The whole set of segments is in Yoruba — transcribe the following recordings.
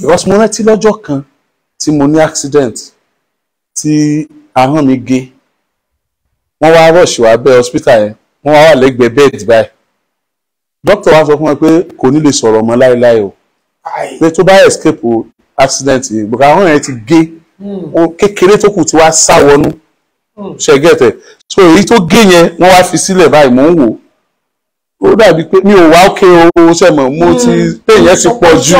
because mo rántí lọ́jọ́ kan tí mo ní accident tí ahọ́n mi gé wọ́n wá rush wá bẹ́ hospital yẹn wọ́n wá wà lẹ́gbẹ̀ẹ́ bẹ́ẹ̀dì báyìí doctor wa sọ fún mi pé kò ní lè sọ̀rọ̀ mọ́ láéláé o pé tó bá escape o accident yìí bùkà ahọ́n yẹn ti gé hmm. kékeré tó kù ti wá sá wọnú hmm. ṣe gẹ̀tẹ̀ so èyí tó gé yẹn wọ́n wá fi sílẹ̀ báyìí mò ń wò ó ó dàbí pé mi ò wá òkè owó sẹ́mọ̀ mo hmm. ti péyẹ ti pọ̀ jù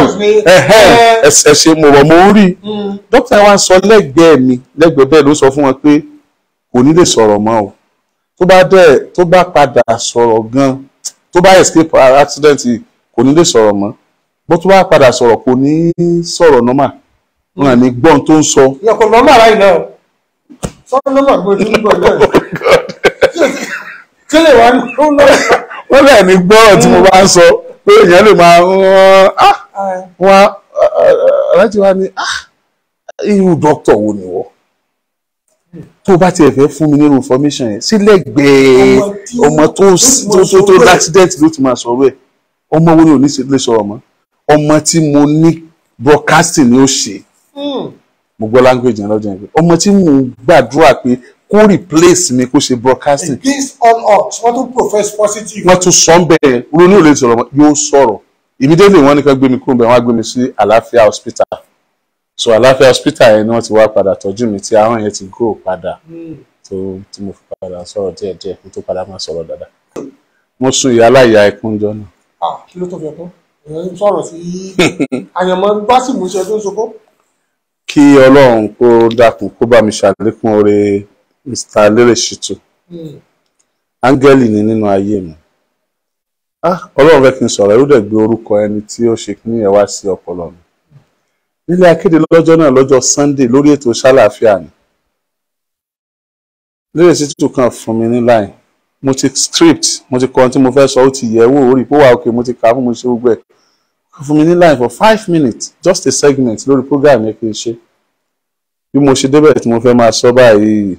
ẹ̀sẹ̀ eh. ṣe mo rọ̀ mo ń rí hmm. dókítà wa sọ lẹ́gbẹ̀ẹ́ mi lẹ́gbẹ̀ẹ́ bẹ́ẹ̀ ló sọ fún wọn pé kò ní lè sọ̀rọ̀ mọ́ o tó bá dẹ̀ tó bá padà sọ̀rọ̀ gan tó bá escape accident kò ní lè sọ̀rọ̀ mọ́ bó tó bá padà sọ̀rọ̀ kò ní sọ̀rọ̀ nọ́mà hmm. wọn ní gbọ́n tó ń sọ. ìyàkọ̀ nọ́mà láì náà sọ́ọ́ nọ́mà gbọ́dọ̀ nígbà náà kí oh lè wá ń lọ́wọ́ ó bẹ̀rẹ̀ ní gbọ́rọ̀ tí mo bá ń sọ pé èèyàn lè máa wọn aláàjì wa ni ah, irú dókítà wo ni wọ́n tó bá tiẹ̀ fẹ́ fún mi nínú information yẹn sílẹ̀gbẹ̀ẹ́ e. ọmọ tó tó accident ló ti máa sọ̀rọ̀ ẹ̀ ọmọ wo ni ò ní lè sọ̀rọ̀ mọ́ ọmọ tí mo ní broadcasting ni ó ṣe hmm. mo gbọ́ language yẹn lọ́jọ́ yẹn pé ọmọ tí mo gbàdúrà pé kó replace mi kó ṣe broadcasting. against all odds wọ́n tún profess positive. wọ́n tún sọ ń bẹ́ẹ̀ ronú ò lè sọ̀rọ̀ mọ́ yóò sọ̀rọ̀ immediately wọ́n ní ká gbé mi kúrò bẹ́ẹ̀ wọ́n á gbé mi sí àlàáfíà hospital so àlàáfíà hospital yẹn ni wọ́n ti wá padà tọ́jú mi tí ahọ́n yẹn ti grow padà tó tí mo fi padà sọ̀rọ̀ díẹ̀ díẹ̀ kó tó padà máa sọ̀rọ̀ dáadáa. mo sun ìyá aláìyá ẹkún jọ náà. ah kí ló tó fẹ́ kọ́ ẹ̀yin sọ̀rọ̀ sí àyànmọ́ gbásìmù iṣẹ́ tó ń sokó. kí ọlọ́run kó dákun kó bá mi ṣàlékún oore mr Aléréṣìtù angeli ni nínú ayé mi ah, ọlọ́run fẹ́ kí n sọ̀rọ̀ ẹ̀rú dẹ̀ gbé orúkọ ẹni tí ó ṣe kí ẹ wá sí ọpọlọ mi nílé akéde lọ́jọ́ náà lọ́jọ́ sunday lórí ètò ṣàlàáfíà ni Aléréṣìtù kan fún mi ní line mo ti script mo ti kọ ohun tí mo fẹ́ sọ ó ti yẹ̀ wò ó rí i pé mo ti kà á fún mo ṣe gbogbo ẹ̀ fún mi ní line for five minutes just a segment lórí program yẹn kí n ṣe bí mo ṣe débẹ̀ tí mo fẹ́ máa sọ báyìí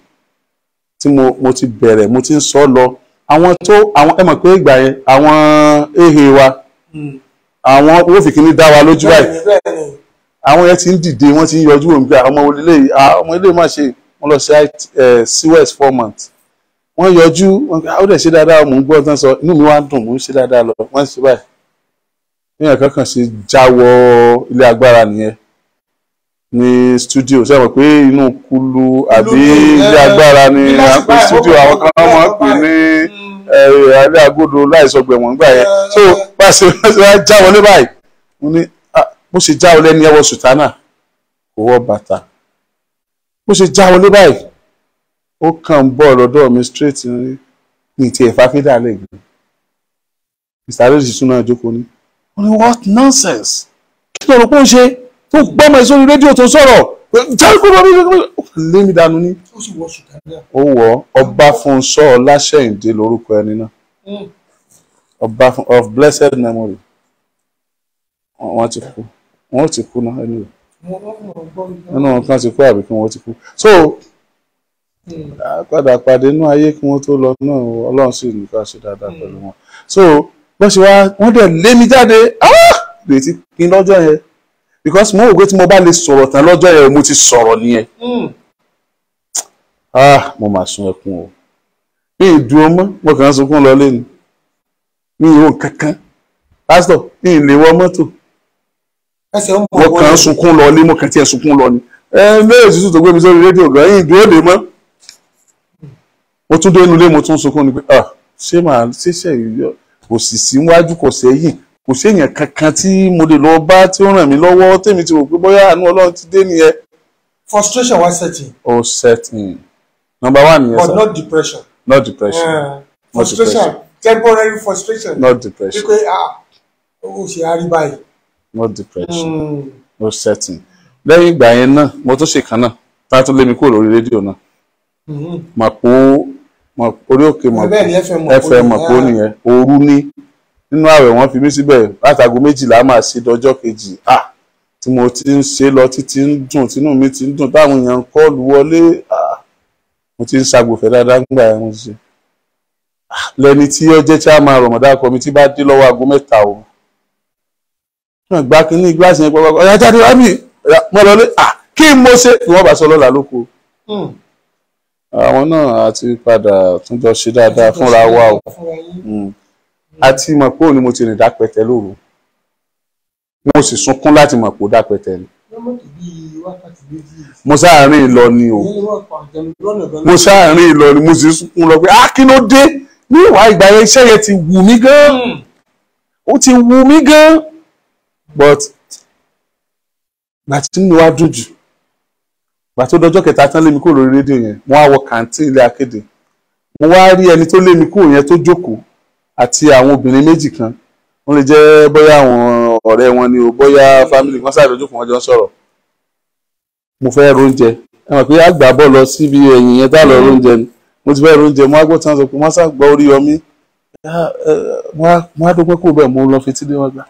tí mo mo ti bẹ̀rẹ̀ mo ti ń sọ lọ àwọn tó àwọn ẹ mọ̀ pé ìgbà yẹn àwọn ehe wa àwọn owó fìkínní dá wa lójú báyìí àwọn yẹn ti ń dìde wọ́n ti ń yọjú òun gbé ọmọ ilé ọmọ ilé má ṣe wọ́n lọ sí siwes four months wọ́n yọjú wọ́n ah, ó dẹ̀ ṣe dáadáa mò ń gbọ́ tán sọ inú mi wá ń dùn mò ń ṣe dáadáa lọ wọ́n ṣe báyìí níyàn kankan ṣe jáwọ́ ilé agbára nìyẹn ní studio ṣe mọ̀ pé inú kulu àbí ilé eh, agbára ni à ń pè studio àwọn kan máa ń pè ní eh, eh, alẹ́ agodo láìsọgbẹ̀wọ̀n gbà yẹn so pàṣẹ pàṣẹ wá já wọlé báyìí mo ní ah, bó ṣe já wọlé ní ẹwọ sùtánà kò wọ bàtà bó ṣe já wọlé báyìí ó kàn ń bọ̀ lọ́dọ̀ mi straight ní ti ẹ̀fà fídà lẹ́gbẹ̀ẹ́ mr aloysius tún náà jókòó ní wọ́n ní what nonsense kí ló rò pé ó ṣe tó gbọ́mọ ẹ̀ sórí rédíò tó sọ̀rọ̀ lé mi dànù ni. ó wọ Ọbáfúnṣọ́ Ọláṣẹ́yìndé lórúkọ ẹni náà hmm. ọba of blessed memory wọ́n ti kú wọ́n ti kú náà ẹni rẹ̀ nínú wọn kan ti kú àbí kí wọ́n ti kú so hmm. padà pàdé inú ayé kí wọ́n tó lọ náà Ọlọ́run sì ní ká ṣe dáadáa pẹ̀lú hmm. wọn so bó ṣe wá wọ́n dẹ̀ lé mi jáde ah lè ti pin lọ́jọ́ yẹn because mo rò pé tí mo bá lè sọ̀rọ̀ tán lọ́jọ́ yẹn mo ti sọ̀rọ̀ nìyẹn hmm. ah mo máa sun ẹkún o mi ì dúró mọ́ mo kàn ń sunkún lọ lẹ́nu mi ì wò kankan pásítọ̀ mi ì lè wọ mọ́tò mo kàn ń sunkún lọ ní mo kàn tiẹ̀ sunkún lọ ni ẹ lẹ́yìn òtútù tó gbé mi sórí rédíò gan yìí dúró lè mọ́ mo tún dé inú ilé mo tún sunkún ni pé ah ṣé màá ṣe ṣe kò sì sí wájú kò sẹ́yìn kò sí èèyàn kankan tí mo lè lọ bá tí ó ràn mí lọ́wọ́ tèmi ti rò pé bóyá àánú Ọlọ́run ti dé nìyẹn. frustration wa setting. o oh, setting number one nìyẹn yes, but not depression. not depression. Uh, frustration depression. temporary frustration. not depression. pé ah o ṣe arí báyìí. not depression. Mm. o no setting. lẹ́yìn ìgbà yẹn náà mo tún ṣe kan náà tá a tún lé mi kúrò lórí rédíò náà. Hmm. màpò orí òkè màpò fm màpò nìyẹn òru ní nínú ààwẹ̀ wọ́n fi mí síbẹ̀ látago méjìlá máa ṣe dọjọ́ kejì ah tí mo ti ń ṣe lọ títí ń dùn tínú mi ti ń dùn táwọn èèyàn ń kọ́ọ̀lù wọlé ah mo ti ń ṣàgbọ̀fẹ́ dáadáa ńgbà ẹ̀ mo ṣe lẹni tí ó jẹ́ chairman Ramadan committee bá dé lọ́wọ́ aago mẹ́ta o náà gbá kínní gíláàsì yẹn pọ́pọ́ ọ̀yà jáde rábì mo lọ lé ah kí n mo ṣe kí wọ́n bá sọ lọ́la lóko hmm. àwọn náà àti padà túnjọ ṣe dáadáa fúnra wa o àti mọ̀ pé òun ni mo ti rìn dápẹtẹ lóru mo sì sunkún láti mọ̀ pé ó dápẹtẹ ni mo sáàárín ìlọ ni o mo sáàárín ìlọ ni mo sì sunkún lọ pé a ah, kí ló dé ní ìwà ìgbà yẹn iṣẹ́ yẹn ti wù mí gan hmm. ó ti wù mí gan but gbàtí mi wá dùn jù gbàtí ó dọjọ́ kẹta tán lé mi kúrò lórí rédíò yẹn mo wá wọ kàǹtì ilé akéde mo wá rí ẹni tó lé mi kúrò yẹn tó jókòó àti àwọn obìnrin méjì kan wọ́n lè jẹ́ bóyá àwọn ọ̀rẹ́ wọn ni o bóyá fámìlì kan ṣàdójú fún wọn jọ ń sọ̀rọ̀ mo fẹ́ róúnjẹ ẹ mọ̀ pé àgbà bọ̀ lọ síbi ẹ̀yìn yẹn dá lọ róúnjẹ ni mo ti fẹ́ róúnjẹ mo á gbọ́ tán sọ pé wọ́n ṣàgbọ́ orí yọmí ah, mo á dọ́gbọ́n kúrò bẹ́ẹ̀ mo lọ fetí lé wọn gbà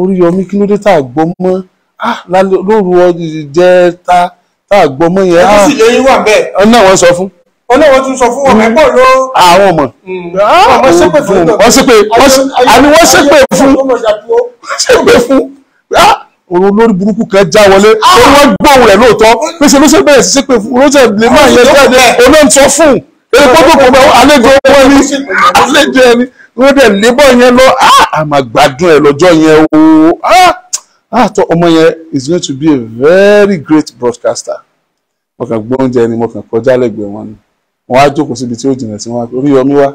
orí yọmí kí ló dé tá a gbọ́ mọ́ ah, lóru ọjọ́ jẹ́ tá a gbọ́ mọ́ yẹn. ẹ ah, sì lè yín wà bẹ́ẹ̀. náà wọ́n sọ fún olówó tún sọ fún wọn ẹgbọ́n ló. Ah, àwọn ọmọ ah, wọ́n ṣépè fún wọ́n ṣépè àní wọ́n ṣépè fún ṣépè fún òun ah, lórí burúkú kan já wọlé ó wọ́n gbóhùn rẹ̀ lóòótọ́ pèsè ló ṣe bẹ̀rẹ̀ sí ṣépè fún rọ́ṣẹ̀ lè máa yẹ jáde olóhùn sọ fún èkó tó kọ̀ bẹ́ẹ̀ àlejò wọn ní àlejò ẹni wọ́n dẹ̀ lébọ̀ yẹn lọ àmàgbádùn ẹ̀ lọ́jọ́ yẹn o àtọ ọmọ yẹn is going to be a very great broadcaster mo kàn gbóúnjẹ ni mo kàn kọjá lẹ́gbẹ̀ẹ́ wọn ni wọ́n á jókòó síbi tí ó jìnnà tí wọ́n orí yọmí wá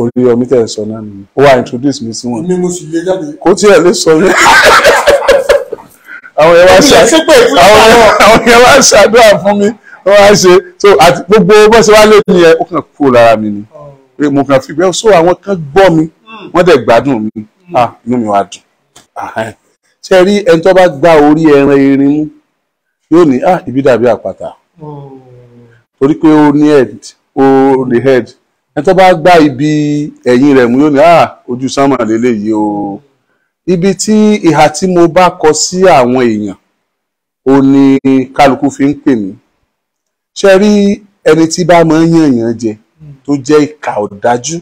orí yọmí tẹ̀ sọ náà nìyí ó wá introduce mi sí wọn. mi mo sì lè jáde. kó tiẹ̀ lè sọ yẹn. àwọn yẹn wá ṣàdúrà fún mi wọ́n á ṣe so àti gbogbo bó ṣe wá lé mi ó kàn kúrò lára mi ni mo kàn fi gbẹ́ so àwọn kan gbọ́ mi hmm. wọ́n dẹ̀ gbádùn mi hmm. ah inú mi wá dùn ṣe rí ẹni tó bá gba orí ẹran erin mú yóò ní ah ibi dàbí àpáta. Oh torí pé ó ní head ó ní head ẹni tó bá gbá ibi ẹ̀yìn rẹ̀ mú yóò ní ah, ojú sánmà lélẹ́yìí o ibi tí ìhà tí mo bá kọ sí àwọn èèyàn ó ní kálukú fi ń pè mí ṣe rí ẹni tí bá máa ń yànyàn jẹ tó jẹ́ ìkà ọ̀dájú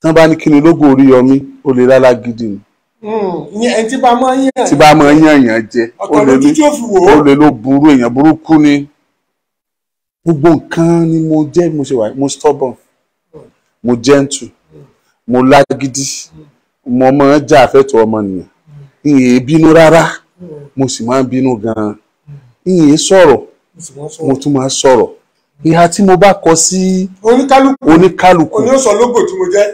tán bá ní kí ni lógo orí yọmí ó lè rárá gidi ni hmm, tí bá máa ń yànyàn jẹ ó lè ló burú èèyàn burúkú ni gbogbo nǹkan ni mo jẹ́ mo ṣe wà mo stubborn mo gentle mo lágídí mo máa ń jà fẹ́tọ̀ ọmọnìyàn ìyẹn bínú rárá mo sì máa ń bínú gan-an ìyẹn sọ̀rọ̀ mo tún máa sọ̀rọ̀ ìhà tí mo bá kọ sí oníkálukú oníkálukú oníṣọ lógo tí mo jẹ́.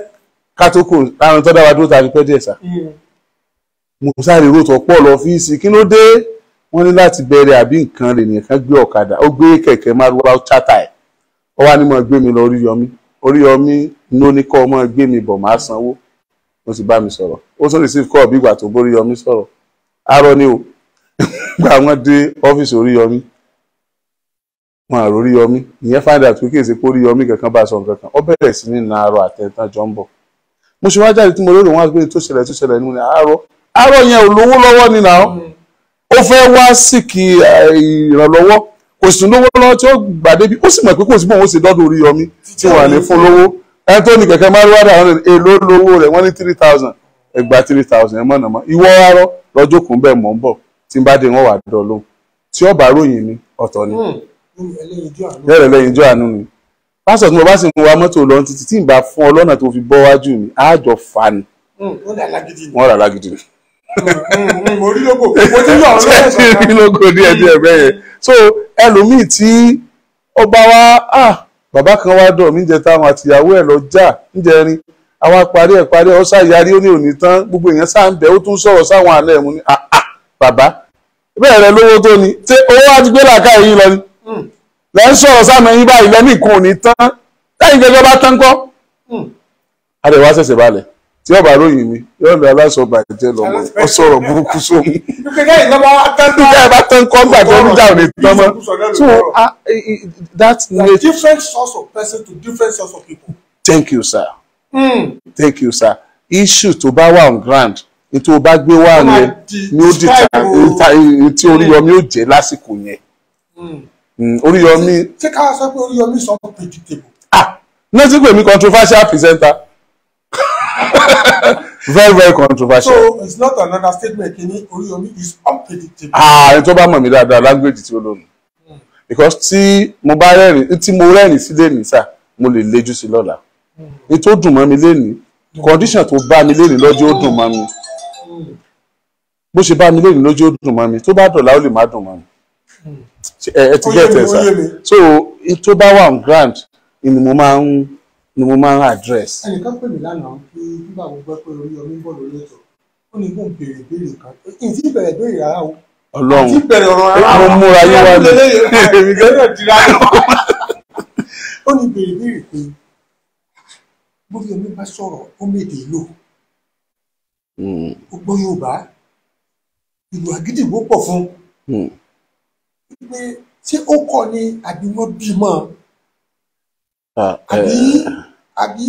kátókò àwọn tó dá dúró tàbí pẹ́ díẹ̀ sá mm. mo sáré rò pọ̀ lọ kí ló dé. wọ́n ní láti bẹ̀rẹ̀ àbí nǹkan rẹ̀ nìkan gbé ọ̀kadà ó gbé kẹ̀kẹ́ márúwá chata ẹ̀ ó wá ní mo gbé mi lọ Oríyọmí Oríyọmí ló ní kọ́ ọmọ gbé mi bọ̀ máa sanwó ó sì bá mi sọ̀rọ̀ ó sọ̀rọ̀ ìgbà tó bórí Yọmí sọ̀rọ̀ arọ ni o gba wọn dé ọ́fíìsì wọn àrò ìyẹn pé kankan bá sọ nǹkan ó fẹ́ wá síkì eh, ìrànlọ́wọ́ kò sì lówó lọ́wọ́ tí ó gbà débi ó sì mọ̀ pé kò sí bóun ó sì dọ́dún orí yọmí tí wọ́n ní fún lówó ẹni tó ní kẹ̀kẹ́ máa ń wádà àwọn èlò lówó rẹ̀ wọ́n ní three thousand ẹgbàá three thousand ẹ̀ mọ̀nàmọ́ ìwọ arọ lọ́jọ́ kùn bẹ́ẹ̀ mọ̀ ń bọ̀ tí n bá dé wọn wà dọ̀ lóhùn tí ó bá ròyìn ni ọ̀tọ̀ ni yẹ́rẹ̀ hmm. lẹ́yìn ijó àánú ni pásítọ̀ tí mo bá sì ń wa mọ́tò lọ títí tí n bá fún ọ tó fi bọ́ wájú mi àájọ fa hmm. wọ́n rà lágídí ni. Mm, mm, mm. ti so ẹlòmíì tí ọba wa ah, bàbá kan wá mí jẹ táwọn àtìyàwó lọ parí parí ó ní òní tán gbogbo èèyàn sáà ń ó tún sáwọn mu àà ah, ah, bàbá bẹẹ rẹ lówó tó ni ṣé owó gbé làákà ni ń sáwọn báyìí òní tán bá tán wa tí ọba ròyìn mi yóò lọ aláṣọ bàjẹ́ lọ́mọ ọ sọ̀rọ̀ burúkú sómi. kíkẹ́ ìjọba tán kọ́ gbàjẹ́ níjà ò tán mọ́. so uh, that is. different source of person to different source of people. thank you sir. Mm. thank you sir. issue tó bá wà on ground ní tó bá gbé wá yẹn ni ó di ta tí hmm. Oríyọmí ó jẹ́ lásìkò yẹn. Hmm. Hmm, Oríyọmí. ṣé ká sọ pé Oríyọmí sọ predictable. ah nọ́ọ̀sì pèmí controversial presenter. very very controversial. so it's not an understatement kini Oriyomi is unpredictable. ààrẹ ah, tó bá mọ̀ mí dáadáa language tí ó lónìí hmm. because tí mo bá rẹ́rìn tí mo rẹ́rìn sí lẹ́nìí sà mo lè lejú sí lọ́la ní hmm. tó dùn mọ́ mi lẹ́nìí hmm. condition tó bá mi lẹ́nìí lọ́jọ́ ó dùn mọ́ mi bó ṣe bá mi lẹ́nìí lọ́jọ́ ó dùn mọ́ mi tó bá dọ̀la ó lè má dùn mọ́ mi ẹ ti gẹ̀ tẹ̀ sà so tó bá wà on ground ni mo máa ń ni mo máa ń address. ẹnìkan pè mí lánàá pé nígbà mo gbọ́ pé Oríyọmí ń bọ̀ lórí ètò ó ní bóun béèrè béèrè kan ìtì bẹ̀rẹ̀ béèrè rárá o Ọlọ́run mo múra yín wá lọ ó ní béèrè béèrè pé Oríyọmí bá sọ̀rọ̀ ó mèdè lò ó gbọ́ Yorùbá ìlú àgídìgbò pọ̀ fún pé ṣé ó kọ́ ni àbí wọ́n bímọ àbí àbí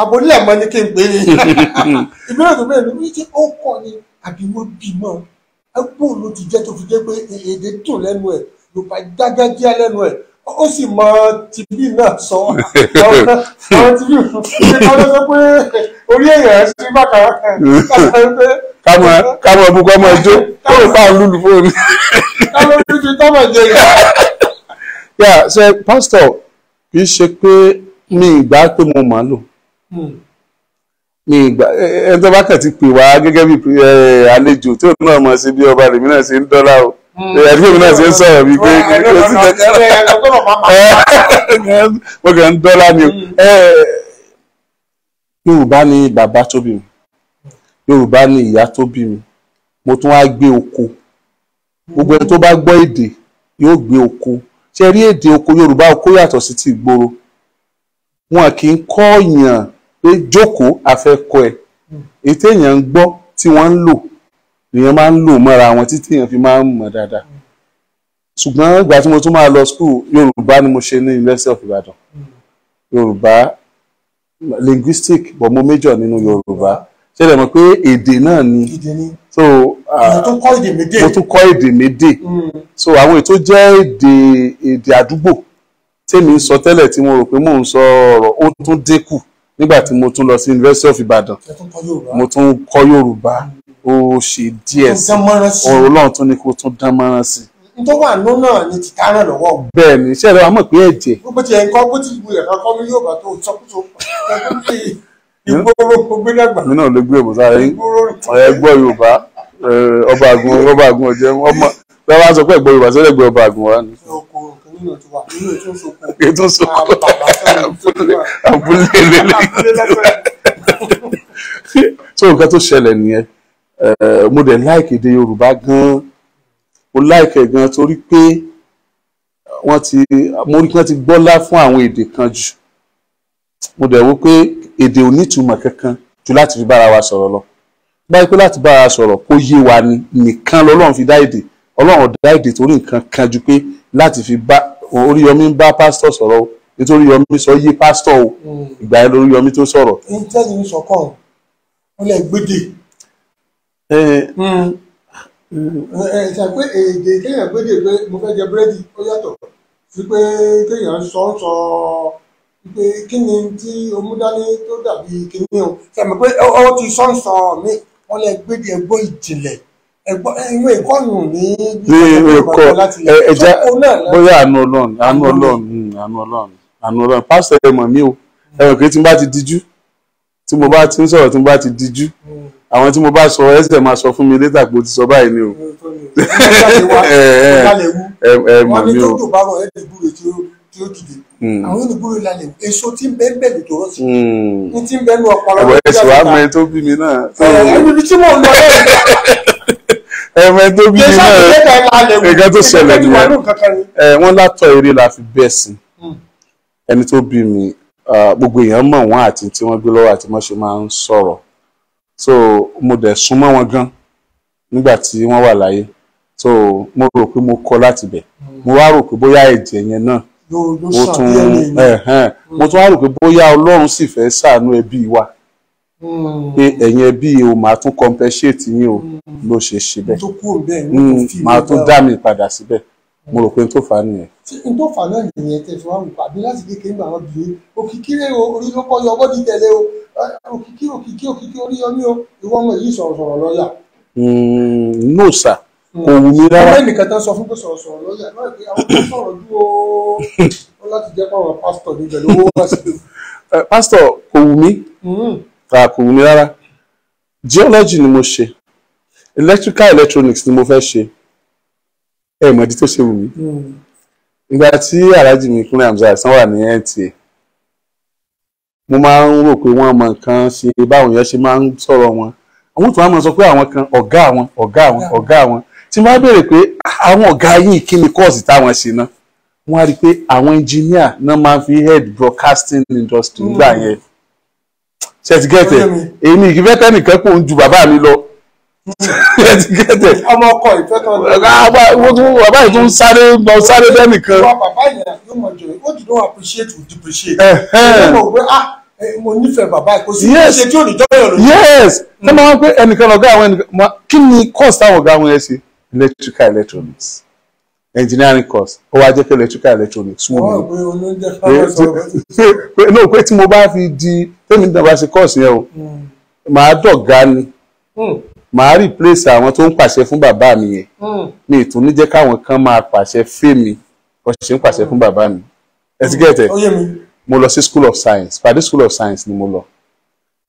abonílẹ̀ mọ́ ni kí n pè é ìbílẹ̀ tó bẹ̀rẹ̀ lórí tí ó kọ́ ni àbí wọ́n bì mọ́ ẹgbẹ́ òun ló ti jẹ́ tó fi jẹ́ pé èdè dùn lẹ́nu ẹ̀ ló bá dágájíá lẹ́nu ẹ̀ ó sì mọ tìbí náà sọ àwọn tìbí kan ló sọ pé orí èèyàn sí bàkà kámọ kámọ bú kámọ jó ó lè bá lùlù fóònù. kámọ bú ju tọ́mọ̀ yà sẹ pásítọ̀ kì í ṣe pé mi ìgbà pé mo máa lò hmm. mi ìgbà ẹni tó bá kàn ti pè wá gẹ́gẹ́ bí àlejò tí òun náà mọ̀ sí bí ọba lèmi náà ṣe ń dọ́là o hmm. ẹ̀rí èmi náà ṣe ń sọ̀rọ̀ bíi pé kò sí kankan mo kàn ń dọ́là ni o hmm. Yorùbá ni bàbá tó bí mi Yorùbá ni ìyá tó bí mi mo tún wá gbé oko gbogbo ẹni tó bá gbọ́ èdè yóò gbé oko ṣe rí èdè oko Yorùbá oko yàtọ̀ sí ti ìgboro wọn kì í kọ́ yàn pé jókòó afẹ́kọ́ ẹ̀ èyí téèyàn ń gbọ́ tí wọ́n ń lò lèèyàn máa ń lò mọ́ra wọn títí èèyàn fi máa ń mọ̀ dáadáa ṣùgbọ́n ìgbà tí mo tún máa lọ school Yorùbá ni mo ṣe ní University of Ibadan Yorùbá linguistic but mo major nínú Yorùbá ṣe lè mọ̀ pé èdè náà ni so ah, mo tún kọ́ èdè méde mm. so àwọn ètò jẹ́ èdè èdè àdúgbò tèmi ń sọ tẹ́lẹ̀ tí mo rò pé mò ń sọ ọ̀rọ̀ ó tún dínkù nígbà tí mo tún lọ sí University of Ibadan mo tún kọ́ Yorùbá ó ṣe díẹ̀ sí ọ̀rọ̀ Ọlọ́run tún ni kó tún dán mọ́rán sí tó wà nù náà ni ti ká ràn lọ́wọ́ o. bẹ́ẹ̀ ni iṣẹ́ rẹ̀ wà mọ̀ pé ẹ̀jẹ̀. bó ti ẹ̀ ń kọ́ bó ti ìwé ẹ̀ka kọ́ mi yóò bá tó sọ́kúso ìgboro gbé dàgbà. mi náà ló gbé ìbùsà rẹ ẹ Yorùbá ọba àgùn ọba àgùn ọjẹ ọmọ bí wọ́n bá sọ pé ẹ̀gbọ́ Yorùbá sọ́dọ̀ ẹ̀gbọ́ ọba àgùn wa ni ètò soko abúlé lélẹ̀ so nǹkan tó ṣẹlẹ̀ nìyẹn eh, mo dẹ̀ láìkè èdè Yorùbá gan mo láìkè gan torí pé wọ́n ti mo rí wọ́n ti gbọ́lá fún àwọn èdè kan jù mo dẹ̀ wò pé èdè ò kankan jù láti fi bára wa sọ̀rọ̀ lọ báyìí pé láti bára sọ̀rọ̀ kó yé wa nìkan lọ́lọ́run fi dá èdè ọlọ́run dá èdè torí nǹkan kan ju pé láti fi bá Oríyọmí ń bá pásítọ̀ sọ̀rọ̀ o nítorí Oríyọmí sọ yí pásítọ̀ o hmm. ìgbà yẹn lórí Oríyọmí tó sọ̀rọ̀. ìtẹ́sí ń sọkọ wọn lè gbédè. ẹ hmm. ẹ ṣàpé èdè kéèyàn gbédè pé mo fẹ́ jẹ búrẹ́dì ó yàtọ̀ sí pé kéèyàn sọ ń sọ pé kí ni tí omúdání tó dàbí kí ni o ṣàmì pé ó ti sọ ń sọ mí wọn lè gbédè ẹgbó ìjìnlẹ̀. Eh, ìwé ìkọ́nù ní ìkọ́ ẹja bóyá àánú ọlọ́run àánú ọlọ́run hmm, àánú ọlọ́run àánú ọlọ́run pásítọ̀ ẹ mọ̀ mí o ẹ̀rọ kìí tí mo bá ti dijú tí mo bá ti ń sọ̀rọ̀ tí mo bá ti dijú hmm. àwọn tí mo bá sọ ẹsẹ̀ máa sọ fún mi létà pé o ti sọ báyìí ni o. ẹ mọ̀ mí o. Hmm. àwọn onígbòrò lálẹ́ èso tí ń bẹ́ẹ̀ bẹ́ẹ̀ lòtò rọ́ọ̀sì ní tí ń bẹ́ẹ̀ ní ọ̀pọ̀lọpọ̀ ẹ̀sìn wa mẹ́rin tó bí mi náà. ẹ̀ẹ́dùn tí mò ń lọ lẹ́yìn ẹ̀mẹ́ tó bí iná rẹ̀ ẹ̀gá tó ṣẹlẹ̀ nìyẹn wọ́n látọ̀ eré la fi bẹ́ẹ̀ sí hmm. ẹni tó bí mi gbogbo èèyàn mọ̀ wọ́n àti tí wọ́n gbé lọ́wọ́ àti wọ́n ṣe máa ń sọ̀rọ̀ so mo dẹ̀ súnmọ́ wọn gan nígbà tí wọ́n wà láyé so mo rò pé mo kọ́ láti bẹ̀ hmm. mo wá rò pé bóyá ẹ̀jẹ̀ yẹn náà mo tún mo tún wá rò pé bóyá Ọlọ́run sì fẹ́ ṣàánú ẹbí wa pé hmm. ẹ̀yin ẹbí o máa tún compensate yín o ló hmm. ṣe ṣe bẹ́ẹ̀ máa tún hmm, dá mi padà síbẹ̀ mo rò pé n tó fà á nìyẹn. ṣé n tó fà náà nìyẹn tẹ̀sán wa nǹkan àbí láti kékeré gbà wọn bìí òkìkíré o orí ló kọ́ yọ ọbọ̀dì tẹ̀lé o eh, òkìkí òkìkí òkìkí orí yọ ní o ìwọ ọmọ yìí sọ̀rọ̀ sọ̀rọ̀ lọ́ọ̀yà. no sir kò wù mí rárá. ọmọ ẹnìkan tán sọ fún pé sọ̀rọ̀ sọ̀rọ̀ lọ́ọ̀yà náà pé àwọn kan sọ̀rọ̀ dúró láti jẹ́ pàwọn pásítọ̀ níbẹ̀ lówó wá sí. Eh, pásítọ̀ kò wù mí rárá kò wù rárá geology ni mo ṣe electrical electronics ni mo fẹ́ ṣe ẹ mọ̀ ìdí tó ṣe wù mí hmm. ìgbà tí aláàjì mi kúnlẹ̀ Hamzat sàn wà ní NTA mo máa ń rò pé wọ́n mọ nǹkan ṣe báwọn yẹn ṣe máa ń sọ̀rọ̀ wọn àwọn tó wá máa sọ pé àwọn kan ọ̀gá àwọn ọ̀gá àwọn ọ̀gá àwọn tí wọ́n bá pé àwọn ọ̀gá yìí kí ni kọ́ọ̀sì táwọn ṣe náà wọ́n á rí i pé àwọn engineer náà máa ń fi head broadcasting industry gbà hmm. yẹn. Mm ṣẹtigẹtẹ èmi ìkífẹtẹ nìkan kò ń ju bàbá mi lọ ṣẹtigẹtẹ ọmọ ọkọ ìfẹtọ bàbá yìí tó ń sáré lọ sáré lẹnìkan. ìwà bàbá yẹn yóò mọ jọ ó dì don appreciate we depreciate. Ah, ẹ mo nífẹ̀ẹ́ bàbá kò sí ṣe tí ò ní jọ́yọ̀ lójú. yes ṣé máa ń pẹ́ ẹnìkan ọ̀gá àwọn ẹnìkan kí ni cost táwọn ọ̀gá àwọn ẹ̀ ṣe electrical electronics engineering course ó wá jẹ́ pé electrical electronics wù mí. náà pé tí mo bá fi di tèmi náà bá ṣe course yẹn o hmm. màá dọ̀gá ni hmm. màá replace àwọn tó ń pàṣẹ fún bàbá mi yẹn hmm. mi ì tún ní jẹ́ káwọn kan máa pàṣẹ fèmí bó ṣe ń pàṣẹ fún bàbá mi ẹ ti gẹ̀ẹ́tẹ̀ mo lọ sí school of science pàdé school of science ni mo lọ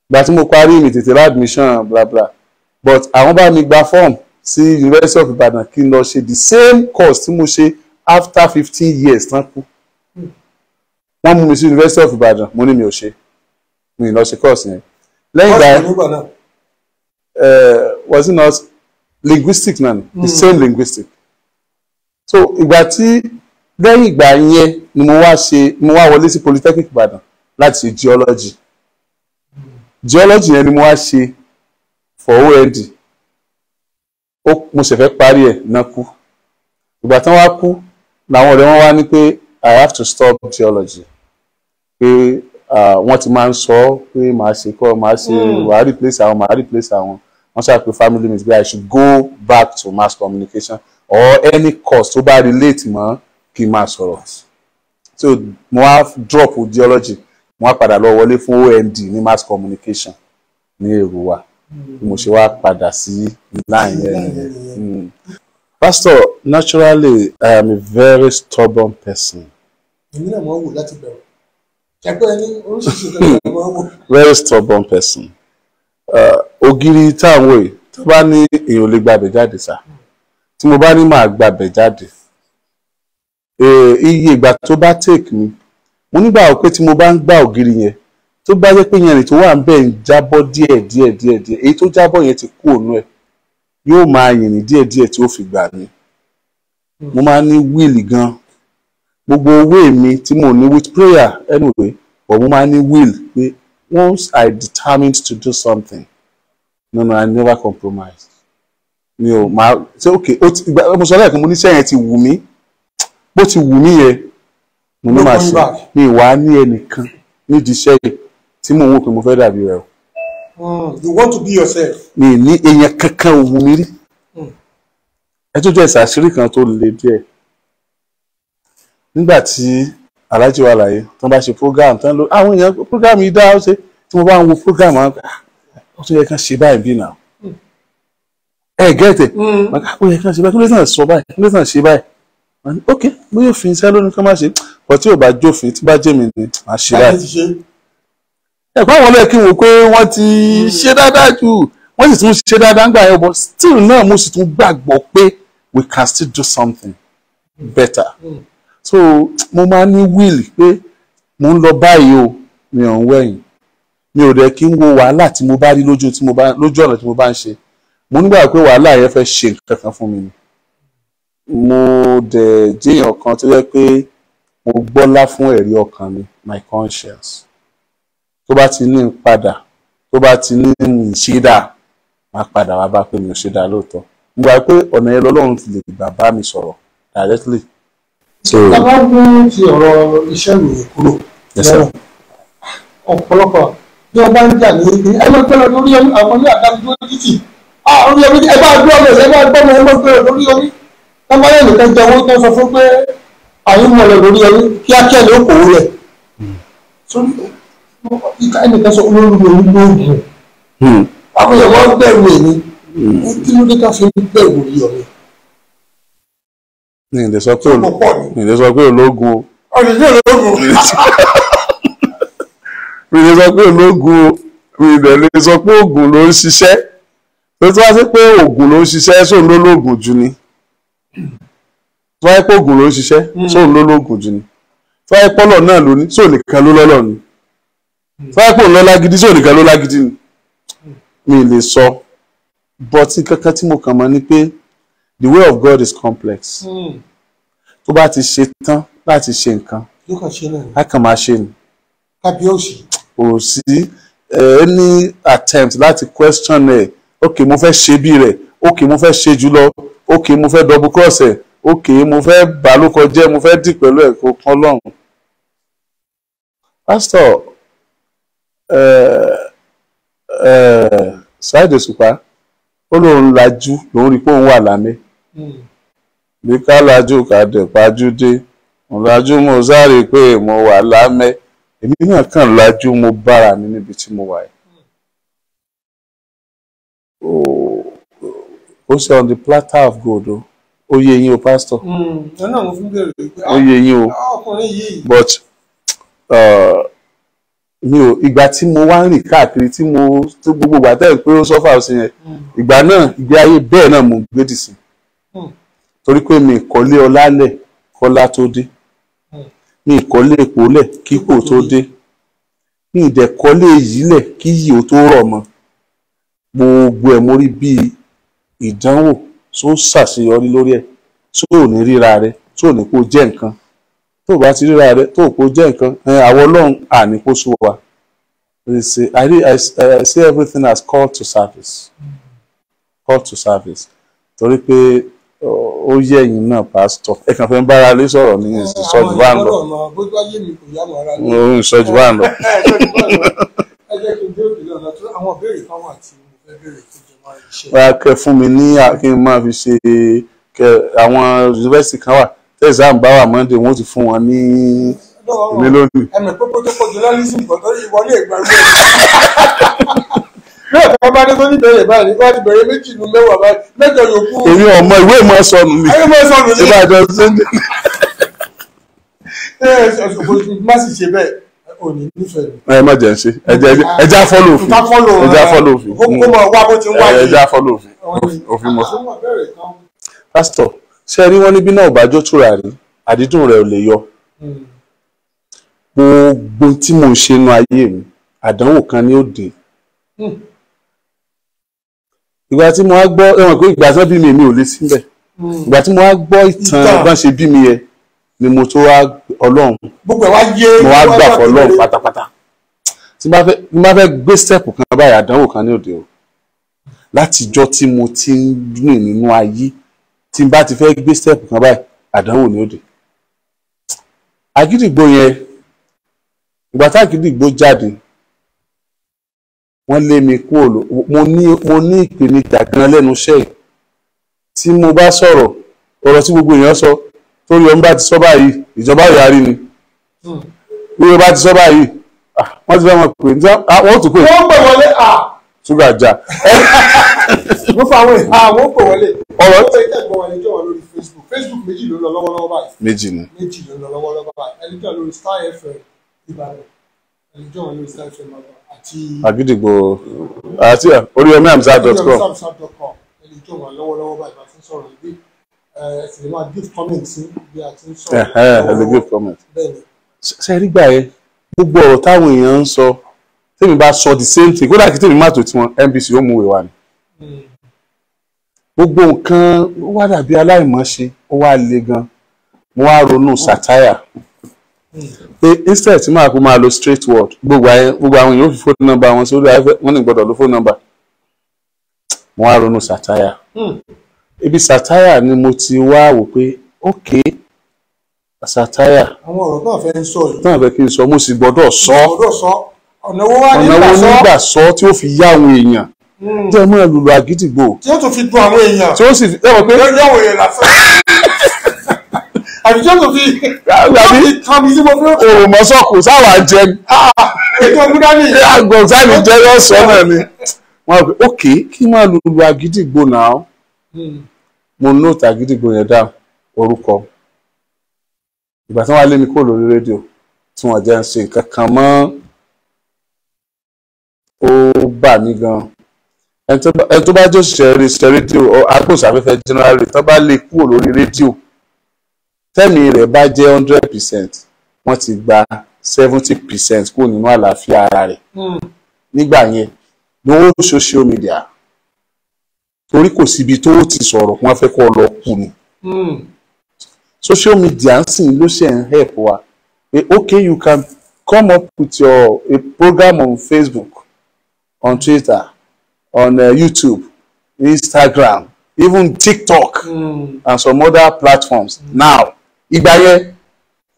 gbà tí mo parí mi tètè lá admission bla bla but àwọn bá mi gba fọ́ọ̀mù sí University of Ibadan kí n lọ ṣe the same course tí mo ṣe after fifteen years tán kú wọ́n mú mi sí University of Ibadan mo ní mi ò ṣe mi ì lọ ṣe course yẹn lẹ́yìn ìgbà eh, was it not linguistic náà mm. the same linguistic so ìgbà tí lẹ́yìn ìgbà yẹn ni mo wá ṣe mo wá wọlé sí Polytechnic Ìbàdàn láti ṣe geology geology yẹn ni mo wá ṣe for OND ó mo sì fẹ́ parí ẹ̀ náà kú ìgbà tí wọ́n wá kú làwọn ọ̀rẹ́ wọn wá ní pé i have to stop theology pé wọ́n ti máa ń sọ pé màá ṣe kọ́ màá ṣe wàá hmm. replace àwọn màá replace àwọn wọ́n ṣàpè family meet pé i should go back to mass communication or any course tó bá relate mọ́ kí n máa sọ̀rọ̀ so mo wá drop theology mo wá padà lọ wọlé fún OND ní mass communication ní èrò wa. mo ṣe wá padà sí yẹn hmm. pastor naturally i am a very stubborn person. èmi náà máa láti bẹ̀rù ẹni oríṣiríṣi ìgbà máa wò. very stubborn uh, tó bá ní èèyàn lè gbàbẹ̀ jáde sá tí mo bá ní màá gbàbẹ̀ jáde eh, iye ìgbà tó bá mi mo nígbà tí mo bá ń gbá ògiri yẹn tó bá jẹ́ pé yẹn rè tó wà ń bẹ̀ ń jábọ́ díẹ̀ díẹ̀ díẹ̀ díẹ̀ èyí tó jábọ́ yẹn ti kú òun ẹ̀ yóò máa yìnrìn díẹ̀ díẹ̀ tí ó fi gbà ní mo máa ní wíìlì gan gbogbo owó mi tí mo ní with prayer anyway but mo máa ní wíìlì pé once I determined to do something no no I never compromise mi ò máa ṣe ok mo sọ lẹ́ẹ̀kan mo ní sẹ́yìn ti wù mí bó ti wù mí yẹn mo ní máa ṣe mi ìwà ní ẹnìkan nídìí iṣẹ́ yìí tí mò ń wò pé mo fẹ́ dàbí rẹ o. Hmm, you want to be yourself. mi ní èèyàn kankan ò wù mí rí hmm. ẹ tó jẹ́ ìsàṣírí kan tó le díẹ̀ nígbà tí aláàjì wà láyé tán bá ṣe program tán ló àwọn èèyàn program yìí dá ó ṣe tí mo bá ń wo program àwọn ah, ó tún yẹ kán ṣe báyìí bí nà hmm. ẹ gẹ́tẹ̀ ah, ó yẹ kán ṣe báyìí kí ló tàn sọ báyìí kí ló tàn ṣe báyìí ok bóyá òfin iṣẹ́ lónìí kán má ṣe pọ̀ tí ò bá jófin tí bá jẹ́ ni màá ṣe báyìí ẹ̀kọ́ àwọn ọmọ ẹ̀kí wò pé wọ́n ti hmm. ṣe dáadáa jù wọ́n sì tún ṣe dáadáa nígbà yẹn but still náà mo sì tún gbàgbọ́ pé we can still do something better hmm. so mo máa ní wíìlì pé mo ń lọ báyìí o mi ò ń wẹ̀yìn mi ò dẹ̀ kí n wo wàhálà tí mo bá rí lójú ọ̀nà tí mo bá ń ṣe mo nígbà pé wàhálà yẹn fẹ́ ṣe nǹkan kan fún mi ni mo dẹ̀ jẹ́yàn kan tó yẹ pé mo gbọ́lá fún ẹ̀rí ọkàn mi my conscience tó bá ti ní ń padà tó bá ti ní ń ṣe dáa máa padà wá bá pé mi ò ṣe dáa lóòótọ́ mo gbà pé ọ̀nà yẹn lọ́lọ́run ti lè gbà bá mi sọ̀rọ̀ directly. bàbá mi fi ọ̀rọ̀ iṣẹ́ mi kúrò lẹ́rọ̀ ọ̀pọ̀lọpọ̀ bí wọ́n bá ń jà ní ẹgbẹ́gbẹ́lẹ́ lórí àwọn ní àdáńdó títì ah, orí omi ẹ bá gbọ́ ọmọ ẹ bá gbọ́ ọmọ ẹ bá gbọ́ lórí omi tọ́mọ́lẹ́ nìkan jẹ owó tó sọ fún pé àyùmọ̀lẹ̀ lórí ẹni kíákíá ló kò wúlẹ̀ ẹnìkan sọ olórí mi òun lóògùn hmm. àwọn èèyàn wọn bẹ̀rù ni. Hmm. kí ló dé ká fi bẹ̀rù orí ọ̀rẹ́. ní ìdè sọ pé ní ìdè sọ pé ológun o. ọ̀sẹ̀ jẹ́ ológun. ní ìdè sọ pé ológun o ní ìdè lè sọ pé oògùn ló ń ṣiṣẹ́ tó tó wá sí pé oògùn ló ń ṣiṣẹ́ sóun hmm. ló lóògùn jù ni tó wáyé pé oògùn ló ń ṣiṣẹ́ sóun ló lóògùn jù ni tó wáyé pọ́lọ̀ náà ló sóun nìkan ló lọ́lọ́ ni fáìpò ló lágídí sí òníkan ló lágídí ni mi lè sọ bọtí kankan tí mo kàn mọ̀ ni pé the way of God is complex hmm. tó bá ti ṣe tán láti ṣe nǹkan a kàn máa ṣe ni kábíyèsí kò sí any attempt láti question ẹ ok mo fẹ́ ṣe bí rẹ̀ ok mo fẹ́ ṣe jùlọ ok mo fẹ́ double cross ẹ̀ ok mo fẹ́ bàálùkọ jẹ́ mo fẹ́ dì pẹ̀lú ẹ̀kọ́ kan lọ́hùn. pásítọ̀ Saheed Òṣùpá ó lóun lajú lòun rí i pé òun wà lámẹ́ hmm. bí ká lajú ká dẹ̀ pajú dé mo lajú mo sáré pé mo wà lámẹ́ èmi náà kàn lajú mo bára mi níbi tí mo wà yìí. Hmm. ó ṣe on the platter of gold o ó yé yín o pastor. Hmm. ọ̀nà àwọn fún bẹ̀rẹ̀ pé ó yé but. Uh, mi ò ìgbà tí mo wá ń rìn káàkiri tí mo tó gbogbo ìgbà tẹ́ ẹ̀ pé ó sọ́fà sí yẹn hmm. ìgbà náà ìgbé ayé bẹ́ẹ̀ náà mo gbé dì sí hmm. torí pé mi ìkọ́lé ọlá lẹ̀ kọ́lá tó dé hmm. mi ìkọ́lé epo lẹ̀ kípò tó dé mi ìdẹ̀kọ́lé èyí lẹ̀ kí yìí ó tó rọ̀ mọ́ gbogbo ẹ̀ mo rí bíi ìdánwò tó ṣàṣeyọrí lórí ẹ̀ tó ò ní ríra rẹ̀ tó ò ní kó jẹ́ nǹkan tó o bá ti ríra rẹ tó o kò jẹ́ nǹkan àwọn ọlọ́run àní kó sú wa they say I, see everything as call to service call to service torí pé ó yẹ ẹ̀yin náà pásítọ̀ ẹ kàn fẹ́ ń bára lé sọ̀rọ̀ ní ìsọjú wa ń lọ òun ìsọjú wa ń lọ. ẹ jẹ́ kí n dé òbí lọ́nà tó àwọn ìbéèrè kan wà tí mo fẹ́ béèrè tó jẹ máa ń kẹ fún mi ní kí n máa fi ṣe àwọn yunifásitì kan wà exam bá wà monday wọn ti fún wọn ní èmi lónìí. ẹnì pópó tó kọjú lálísì nǹkan tó yí wọlé ìgbà rẹ. bí ọ̀kan bá dé tó ní bẹ̀rẹ̀ báyìí nípa ti bẹ̀rẹ̀ méjì nu mẹ́wàá báyìí mẹ́jọ yòókù. èmi ọmọ ìwé ìmọ̀ sọnù ni ìwé sọnù ni ìbá àjọ ṣe ń dé. ẹ ẹ ṣòkòtò má sì ṣe bẹ́ẹ̀ òní nífẹ̀ẹ́. ẹ má jẹ́ ṣe ẹ jẹ́ àfọ́lò òfin ẹ jẹ́ àfọ́lò òfin. kókó mọ̀ wá bó ti ń ṣé ẹ rí wọn níbí náà bá jó tùràrí àdídùn rẹ ò lè yọ gbogbo tí mo ń ṣe inú ayé mi àdánwò kan ni ó dé ìgbà tí mo wá gbọ́ ẹ̀wọ̀n pé ìgbà tí wọ́n bí mi èmi ò lè síbẹ̀ ìgbà tí mo wá gbọ́ ìtàn bọ́n ṣe bí mi yẹn ni mo tó wá ọlọ́run mo wá gbà fọ́ ọlọ́run pátápátá tí mo bá fẹ́ gbé step kan báyìí àdánwò kan ni ó dé o látijọ́ tí mo ti ń rìn nínú ayé tí n bá ti fẹ́ gbé step kan báyìí àdánwò ni ó dé àgídìgbò yẹn ìgbà tá àgídìgbò jáde wọ́n lé mi kúrò lọ mo ní mo ní ìpèníjà gan lẹ́nu iṣẹ́ yìí tí mo bá sọ̀rọ̀ ọ̀rọ̀ tí gbogbo èèyàn sọ torí ọmọ bá ti sọ báyìí ìjọba ìyá rí ni hmm. bí ti sọ báyìí ah, wọ́n ti fẹ́ mọ̀ pé ah, wọ́n tún pè. wọ́n pè à ṣúgà já. mo fa àwọn ìhà àwọn òpò wọlé ọ̀rọ̀ tó yẹ kẹ́gbọ́n wọlé jọ̀wọ́ lórí Facebook Facebook méjì ló lọ lọ́wọ́lọ́wọ́ báyìí. méjì ni méjì ló lọ lọ́wọ́lọ́wọ́ báyìí ẹni jọ̀wọ́ lórí Star FM Ìbàdàn ẹni jọ̀wọ́ lórí Star FM Ìbàdàn àti. àgídìgbò àti oríyọmí amsa dot com ẹni jọ̀wọ́ lọ́wọ́lọ́wọ́ báyìí bá ti ń sọ̀rọ̀ ìgbé ẹ sì lè máa give comment sí bí a ti ń sọ̀rọ̀. ẹ ẹ ẹ lè give comment. bẹ́ẹ̀ni. ṣe é rí gbà yẹn gbogbo ọ̀rọ̀ táwọn tèmi bá sọ the same thing kódà kí tèmi má tó tiwọn NBC ó mú ìwà ni gbogbo nǹkan ó wá dàbí aláìmọ̀ṣe ó wá le gan mo wá ronú satire pé instead tí màá kó máa lo straight word gbogbo àwọn èèyàn fi fóònù nọ́mbà wọn sórí afẹ́ wọn ní gbọ́dọ̀ lo fóònù nọ́mbà mo wá ronú satire ibi satire ni mo ti wá wò pé ok satire àwọn ọ̀rọ̀ náà fẹ́ ń sọ yìí náà fẹ́ kí n sọ mo sì gbọ́dọ̀ sọ ọ̀nà wo nígbà sọ tí ó fi yá àwọn èèyàn hmm. tí ẹ máa lùlù àgídìgbò tí ó tún fi dùn àwọn èèyàn tí ó sì ẹ wọ pé yóò yá àwọn èèyàn lásán àbí tí ó tún fi ah, ah, yóò fi tàbí sí gbogbo. òròmọ́sọ̀kù sáwà jẹun. ètò ọgbọ́n ní. àgbọ̀n sáàlì yọ sọ náà ni wọ́n rò pé ok kí máa lùlù àgídìgbò náà hmm. mo nóòtù àgídìgbò yẹn dá orúkọ ìgbà tí wọ́n wá lé mi kúrò lórí rédíò tí wọ́n jẹ́ ń ṣe nǹkan mọ́ ó bà mí gan ẹni tó bá jẹ́ òṣìṣẹ́ iléeṣẹ́ rédíò agbóhùnsáfẹ́fẹ́ generally tó bá lè kúrò lórí rédíò tẹ́mi rẹ̀ bá jẹ́ hundred percent wọ́n ti gba seventy percent kúrò nínú àlàáfíà ara rẹ̀ hmm. nígbà yẹn no social media torí kò síbi tó ti sọ̀rọ̀ wọ́n fẹ́ kọ́ lọ kù ni hmm. social media ń sìn ló ṣe ń help wa okay you can come up with your a program on Facebook on Twitter, on uh, YouTube, Instagram, even TikTok, mm. and some other platforms. Mm. Now, ìgbà yẹn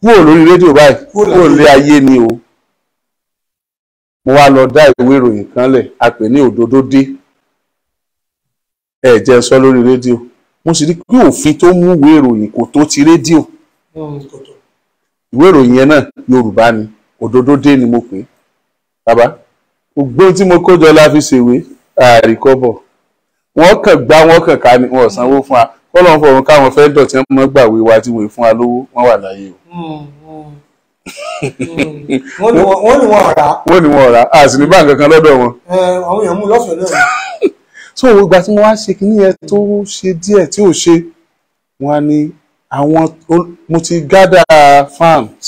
kúrò lórí rédíò báyìí kúrò lórí ayé ni o. Mo wá lọ dá ìwé ìròyìn kan lẹ̀, a pè ní òdodo dé. Ẹ jẹ́ sọ lórí rédíò. Mo sì rí pé òfin tó mú ìwé ìròyìn kò tó ti rédíò. Hmm, ìwé ìròyìn yẹn náà Yorùbá ni, òdodo dé ni mo pè é. Bàbá gbogbo tí mo kó la fi ṣèwé àríkọ́bọ̀ wọ́n kàn gbá wọ́n kàn ká ni wọ́n sanwó fún wa kọ́lọ́n fọ̀run káwọn fẹ́ dọ̀tí ọmọ gbàwé wa tí wọ́n fún wa lówó wọ́n wà láyé o. Hmm, hmm. wọ́n ní wọ́n rà. wọ́n ní wọ́n rà á sì ní báńkì kan lọ́dọ̀ wọn. àwọn èèyàn mú lọ́sọ̀ọ́ náà. so ìgbà tí mo wá ṣe kíní yẹn tó ṣe díẹ̀ tí ò ṣe wọn á àwọn mo ti gather farms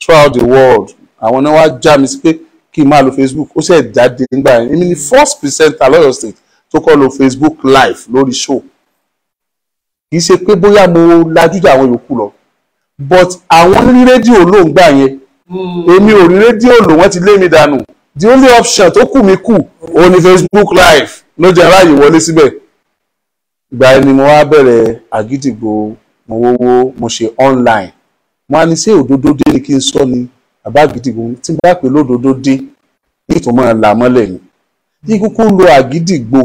throughout the world àwọn náà wá já mi sí pé kí n máa lo facebook ó ṣẹ̀ jáde nígbà yẹn èmi ni first presenter lọ́yọ̀ state tó kọ́ lo facebook live lórí show kì í ṣe pé bóyá mo lajújà àwọn yòókù lọ but àwọn ní rédíò lóǹgbà yẹn hmm. èmi ò rí rédíò lò wọ́n ti lé mi dànù the only option tó kù mí kù òun ni facebook live ló jẹ́ aráàyè wọlé síbẹ̀ ìgbà yẹn ni mo wá bẹ̀rẹ̀ àgídìgbò mo wọ́wọ́ mo ṣe online mo á ní ṣé òdodo dé ni kí n sọ ni bàbá àgídìgbò tí bá pè lódodo dé nítorí máa là mọ́lẹ̀ ni kí kúkú lo àgídìgbò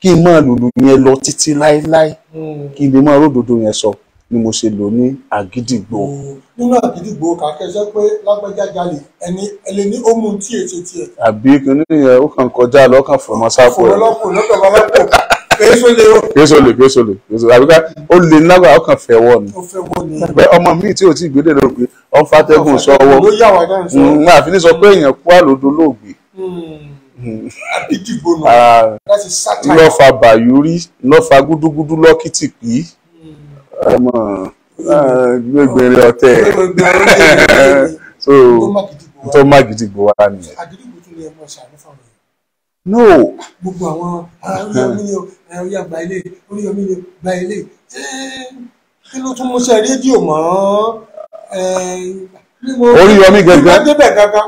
kí n máa lùlù yẹn lọ títí láéláé hmm. kí n lè máa ródodo yẹn sọ ni mo ṣe lò ní àgídìgbò. Hmm. nínú àgídìgbò kàkẹ́sẹ́ pé lágbájá jalè ẹni ẹni ní ó mú tí ètè tiẹ̀. àbí kìnìún yẹn ó kàn kọjá lọ́kàn fòmọ́sápò. fòmọ́sápò lọ́kàn bàbá pò kéésó le o. kéésó le kéésó le kéésó le àbíká ó lè náwó àwọn kan fẹ́ wọ ni. ó fẹ́ wọ ni. bẹ́ẹ̀ ọmọ mi tí o ti gbélé ló gbé ọ̀n fatẹ́gùn sọ ọwọ́. ló yà wá náà sọ. Mm, n àfi ní sọ pé èèyàn kú àlòdò lóògbé. àbídìgbò náà. lọ́fà bàyúrí lọ́fà gúdúgúdú lọ́kìtì pí. Hmm. ọmọ gbẹgbẹrẹ eh, ọtẹ. tó má gidi gbò wá nìyẹn. àgídìgbò tún lè mọ̀ ṣàánú fáwọn èèyàn no. gbogbo àwọn ah, oríyọmí ni o eh, oríyọ gba ilé oríyọmí ni gba ilé kí ló tún mú ṣe rédíò mọ́ eh, oríyọmí gẹ́gẹ́ nígbàdébẹ̀ gangan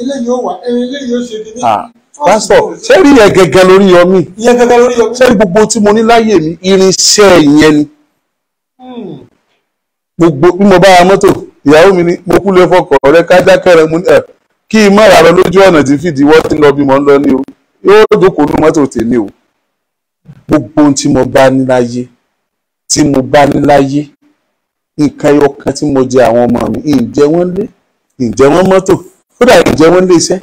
ilé ah, eh, yóò wà ilé yóò ṣe kíní. Ah, pásítọ̀ ṣé rí ìyẹn gẹ́gẹ́ lórí yọmí ìyẹn gẹ́gẹ́ lórí yọmí ṣé rí gbogbo tí mo ní láyè mi irinṣẹ́ ìyẹn ni hmm. gbogbo bí mo bá ra mọ́tò ìyàwó mi ni mo kú lè fọkọ̀ rẹ kájá kẹrẹ mo ní ẹ̀ kí n mọ̀ra lọ lójú ọ̀nà tí fìdí wọ́n ti lọ bímọ ńlọ ní o yóò dókòó ní mọ́tò tèmi o gbogbo ohun tí mo bá ní láyé tí mo bá ní láyé nǹkan ẹyọ kan tí mo jẹ àwọn ọmọ mi ǹjẹ́ wọ́n lé ǹjẹ́ wọ́n mọ́tò kódà ǹjẹ́ wọ́n lé iṣẹ́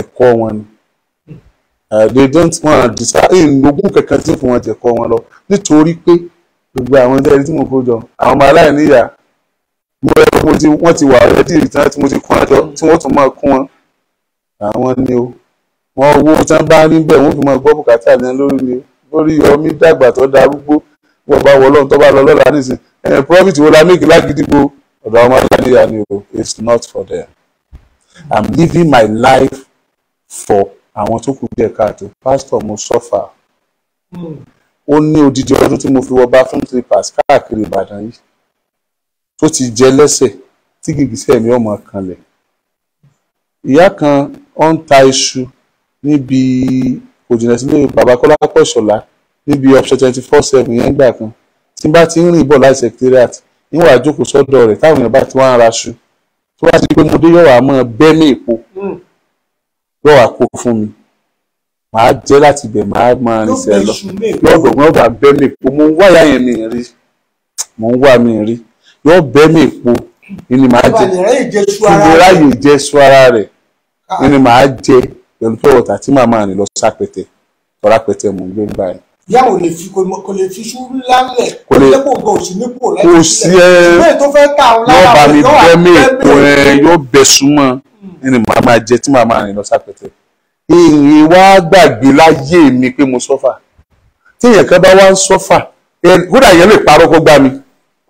ẹ̀kọ́ wọn ni uh, they don't wan decide ìlógún kankan tí fún wọn jẹ̀kọ́ wọn lọ nítorí pé gbogbo àwọn ẹni tí mo kó jọ àwọn ọmọ aláìníyàá mo rẹ mo ti wọ́n ti wà rẹ́dí ìtàn tí mo ti kún àjọ tí wọ́n tún máa kún wọn àwọn ni o wọn owó tí wọ́n bá rí bẹ́ẹ̀ wọ́n fi máa gbọ́ bùkátà lẹ́nu lórí ni lórí ọmí dàgbà tó darúgbó wọ́n bá wọ tó bá lọ lọ́la nísìn ẹ̀yìn profit wo la make lágídígbò ọ̀dọ̀ ọmọ aláìníyà ni o it's not for them i'm living my life for àwọn tó kù díẹ̀ káàtó pastor mo suffer hmm. ó ní odidi ọdún tí mo fi wọ bathroom slippers káàkiri ìbàdàn yìí tó ti jẹ lẹ́sẹ̀ tí gìgísẹ̀ mi ọmọ kanlẹ̀ ìyá kan ọ ń ta iṣu níbi kò sílé bàbá Kọ́lápọ̀ Ìṣọ̀lá níbi option twenty four seven yẹn gbà kan tí n bá ti ń rìn bọ̀ láì secretariat níwà jókòó sọ́dọ̀ rẹ̀ táwọn èèyàn bá ti wá ń raṣu tó wá ti pé mo dé yọ̀wà mọ́ bẹ́ẹ̀lì èpo hmm. yọ̀wà kó fún mi màá jẹ́ láti ibẹ̀ màá máa rìn sẹ́ lọ lọ́dọ̀ wọn bá bẹ́ẹ̀lì èpo mo ń wá ìyá yẹn mi rí mo ń wá mi rí yóò bẹ́ mi po ni màá jẹ ìdè ráyè jẹ sú ara rẹ̀ ni màá jẹ pẹ̀lú pé ọ̀tà tí màá máa rìn lọ sápẹ̀tẹ̀ tọ́ra pẹ̀tẹ̀ mò ń gbé gbà yẹn. lè fi kò lè fi ṣú lálẹ̀ kò lè kó gbọ̀ òsì nípò láti sílẹ̀ ìwé tó fẹ́ ta òun lára òun yóò wà bẹ́ẹ̀ yóò bẹ̀ súnmọ́ ni màá máa jẹ tí màá máa rìn lọ sápẹ̀tẹ̀. ìyìn wá gbàgbé láyé mi pé mo sọ́fà tí èèyàn kan bá wá ń sọ́fà kódà yẹn lè parọ́ kó gbá mi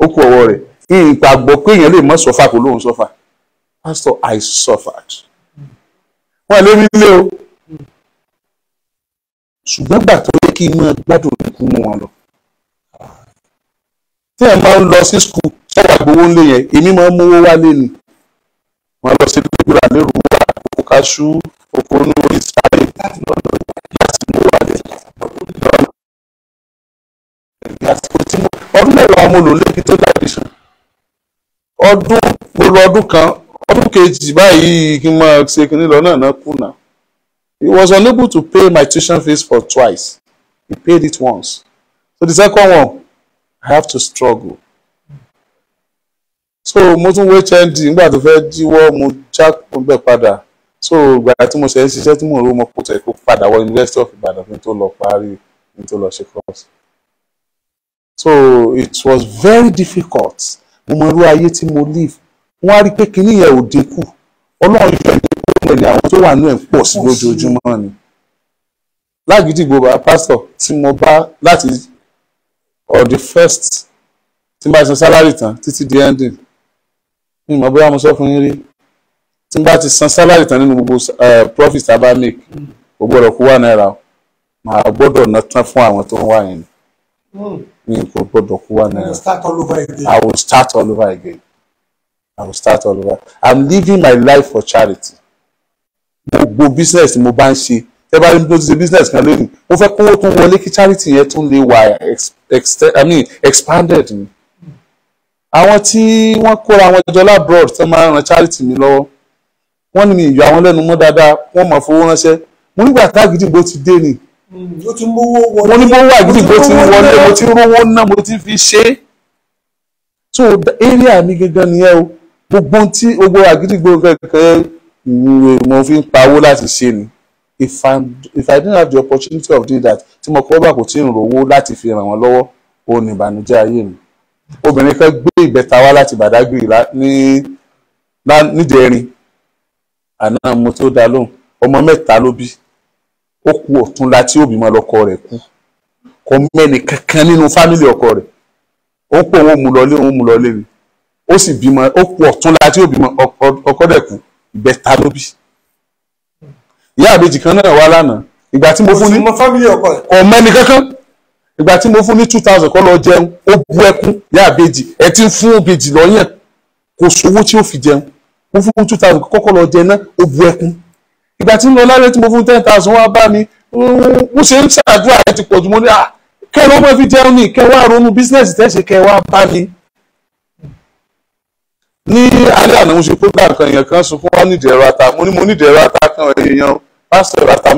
ó kú ọwọ́ rẹ̀ ìgbàgbọ́ pé èèyàn lè mọ̀ sọ́fà kò lóun sọ́fà pastor i suffered wọn lé mi lé o ṣùgbọ́n gbà tó yẹ kí n máa gbádùn ikú mú wọn lọ tí ẹ máa ń lọ sí skul ṣẹ́yà gbowó ńlẹ̀ yẹn èmi máa ń mówó wálé ni wọn lọ sí dúgbòrà lérò wà oko kaṣú oko ní orí sáré lọ́dọ̀ láti mú wálé lọ́nà ọdún mẹ́wàá mo lò lébi tó jáde sùn ọdún olú ọdún kan ọdún kejì báyìí kí n máa ṣe kinní lọ náà náà kùnà he was unable to pay my tuition fees for twice he paid it once so the second one I have to struggle so mo tún wé HND nígbà tó fẹ́ jíwọ́ mo já bẹ́ẹ̀ padà so ìgbà tí mo ṣe ń ṣiṣẹ́ tí mo rò mo kò tẹ̀ kó padà wọ University of Ibadan kí n tó lọ parí kí tó lọ ṣe course so it was very difficult mo mọ irú ayé tí mo live wọ́n á rí i pé kinní yẹn ò dínkù ọlọ́run yóò ní kúrò ní àwọn tó wà nínú ẹ̀ ń pọ̀ sí lójoojúmọ́ ni. lágídígbò bá pásítọ̀ tí mo bá láti or the first tí n bá san sálárì tán títí di ending mi mọ̀ bóyá mo sọ fún yín rí tí n bá ti san sálárì tán nínú gbogbo eh, profit tá a bá make kò gbọ́dọ̀ kú wà náírà màá gbọ́dọ̀ ná tán fún àwọn tó ń wà yẹn ni. Hmm mi kò kú wá náírà I will start all over again I will start all over I'm living my life for charity gbogbo business mo bá ń ṣe ẹ bá rí mi business kan lónìí mo fẹ́ kówó tó ń wọlé kí charity yẹn tún lè wà I mean expanded ni àwọn tí wọ́n kóra wọn jọ labroad tó máa ń ran charity mi lọ́wọ́ wọ́n ní mi ìyọ àwọn lẹ́nu mọ́ dáadáa wọ́n máa fowó ránṣẹ́ mo nígbà tágídìgbò ti dé ni ó ti mówó wọlé mo ní mo wà gidi bó ti wọlé mo ti rówó ná mo ti fi ṣe é so area mi gangan nìyẹn o gbogbo tí gbogbo àgídìgbò kankan ìwúwe mo fi ń pawó láti ṣe ni if i if i didn't have the opportunity of doing that tí mo kọ́ bá kò tí ń rówó láti fi ràn wọ́n lọ́wọ́ ó ní ìbànújẹ́ ayé mi obìnrin kan gbé ìbẹ́ta wá láti Badagry ní nídẹ̀ẹ́rin àná mo tó dá lóhùn ọmọ mẹ́ta ló bí ó kú ọ̀túnla tí òbí máa lọ́kọ rẹ̀ kú kò mẹ́ni kankan nínú fámìlì ọkọ rẹ̀ ó ń pè mú lọlé òun mú lọlé ni ó sì bímọ ó kú ọ̀túnla tí òbí máa ọkọ rẹ̀ kú ìbẹ́ta ló bí. ìyá àbejì kan náà wá lánàá ìgbà tí mo fún ni kò mẹ́ni kankan ìgbà tí mo fún ní two thousand kọ́ lọ jẹun ó bu ẹkún ìyá àbejì ẹ ti ń fún òbejì lọ́yàn kò sówó tí ó fi jẹun mo fún two thousand kọ́kọ́ lọ jẹun náà ó bu ẹkún ìgbà tí mo lálẹ́ tí mo fún ten thousand wá bá mi mo ṣe ń ṣàdúrà ẹ ti pọ̀ jù mo ní ah, kẹrin ọmọ fi jẹun ní kẹwàá ronú bísínẹ́sì tẹ̀sí kẹwàá bá mi. ní alẹ́ àná mo ṣe program kan èèyàn kan sunkún wá nídìí ẹ̀rọ ata mo ní mo nídìí ẹ̀rọ ata kan èèyàn pásítọ̀ ẹ̀rọ ata